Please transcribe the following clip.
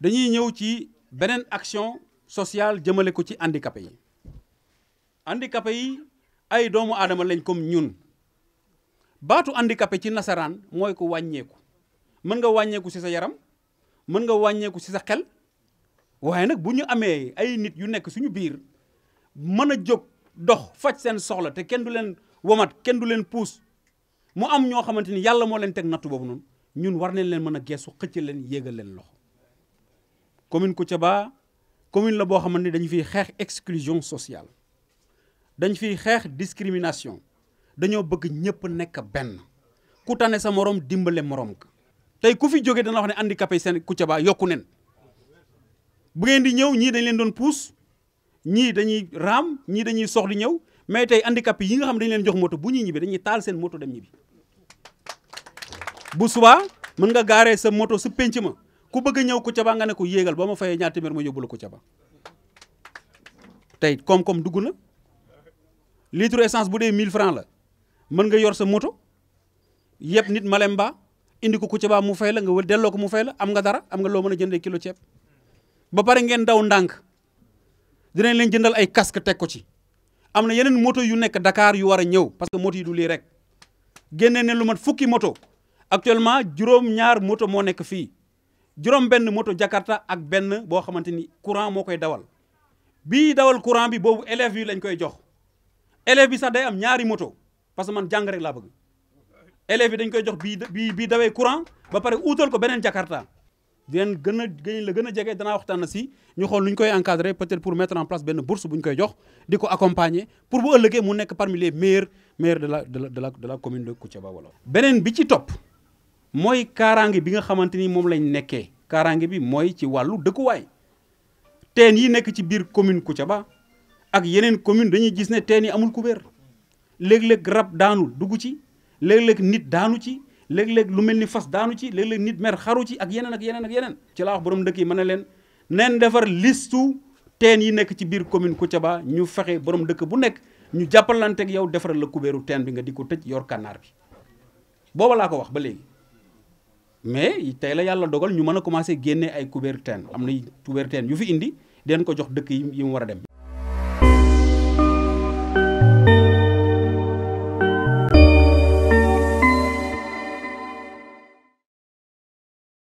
dañuy ñëw ci beneen action sociale jëmale ko ci handicapé yi handicapé yi ay doomu aadama lañ comme ñun baatu indi handicapé ci nasaraan mooy ko wàññeeku mën nga wàññeeku ci sa yaram mën nga wàññeeku ci sa xel waaye nag bu ñu amee ay nit yu nekk suñu biir mën a jóg dox faj seen soxla te kenn du leen womat kenn du leen puus mu am ñoo xamante ni yàlla moo leen teg nattu boobu noonu ñun war nañ leen mën a geesu xëcc leen yéegal leen loxo commune Kouthiaba commune la boo xamante ni dañu fi xeex exclusion sociale dañ fiy xeex discrimination dañoo bëgg ñëpp nekk benn ku tane sa morom dimbale morom ka tey ku fi jógee dana wax ne handicapé yi seen Kouthiaba yokk nen bu ngeen di ñëw ñii dañ leen doon puus ñii dañuy raam ñii dañuy sox di ñëw mais tey handicapé yi nga xam dañ leen jox moto bu ñuy ñibbi dañuy taal seen moto dem ñibbi bu subaa mën nga gaaree sa moto su pénc ma ku bëgg a ñëw ba nga ne ko yéegal boo ma fayee ñaar téeméer ma yóbbu la Koutiaba tey koom-koom dugg na litre essence bu dee 1000 francs la mën nga yor sa moto yëpp nit Malemba indi ko Koutiaba mu fay la nga delloo ko mu fay la am nga dara am nga loo mën a jëndee kilo ceeb ba pare ngeen daw ndànk dinañ leen jëndal ay casque teg ko ci am na yeneen moto yu nekk Dakar yu war a ñëw parce que moto yi du lii rek génnee ne lu mat fukki moto actuellement juróom moto moo nekk fii. juróom benn moto Jakarta ak benn boo xamante ni courant moo koy dawal bii dawal courant bi boobu élève yi lañ koy jox élève bi sax day am ñaari moto parce que man jàng rek laa bëgg élèves yi dañ koy jox bii bii bii dawee courant ba pare uutal ko beneen Jakarta di leen gën a gën la gën a jege danaa waxtaan si ñu xool nu ñu koy encadrer peut-être pour mettre en place benn bourse bu koy jox di ko accompagner pour bu ëllëgee mu nekk parmi les meilleurs maires de la de la commune de Kouthiaba wala ci topp. mooy kaaraange bi nga xamante ni moom lañ nekkee kaaraange bi mooy ci wàllu dëkkuwaay teen yi nekk ci biir commune ba ak yeneen commune dañuy gis ne teen yi amul kubéer léeg-léeg rab daanul dugg ci léeg-léeg nit daanu ci léeg-léeg lu mel ni fas daanu ci léeg-léeg nit mer xaru ci ak yeneen ak yeneen ak yeneen ci laa wax borom dëkk yi mën na leen neen defar listu teen yi nekk ci biir commune ba ñu fexe borom dëkk bu nekk ñu jàppalanteeg yow defaral la kubéeru teen bi nga di ko tëj yor kànnaar bi booba laa ko wax ba léegi mais tey la yàlla dogal ñu mën a commencé génne ay couvertaine am na couvertaine yu fi indi den ko jox dëkk yi mu war a dem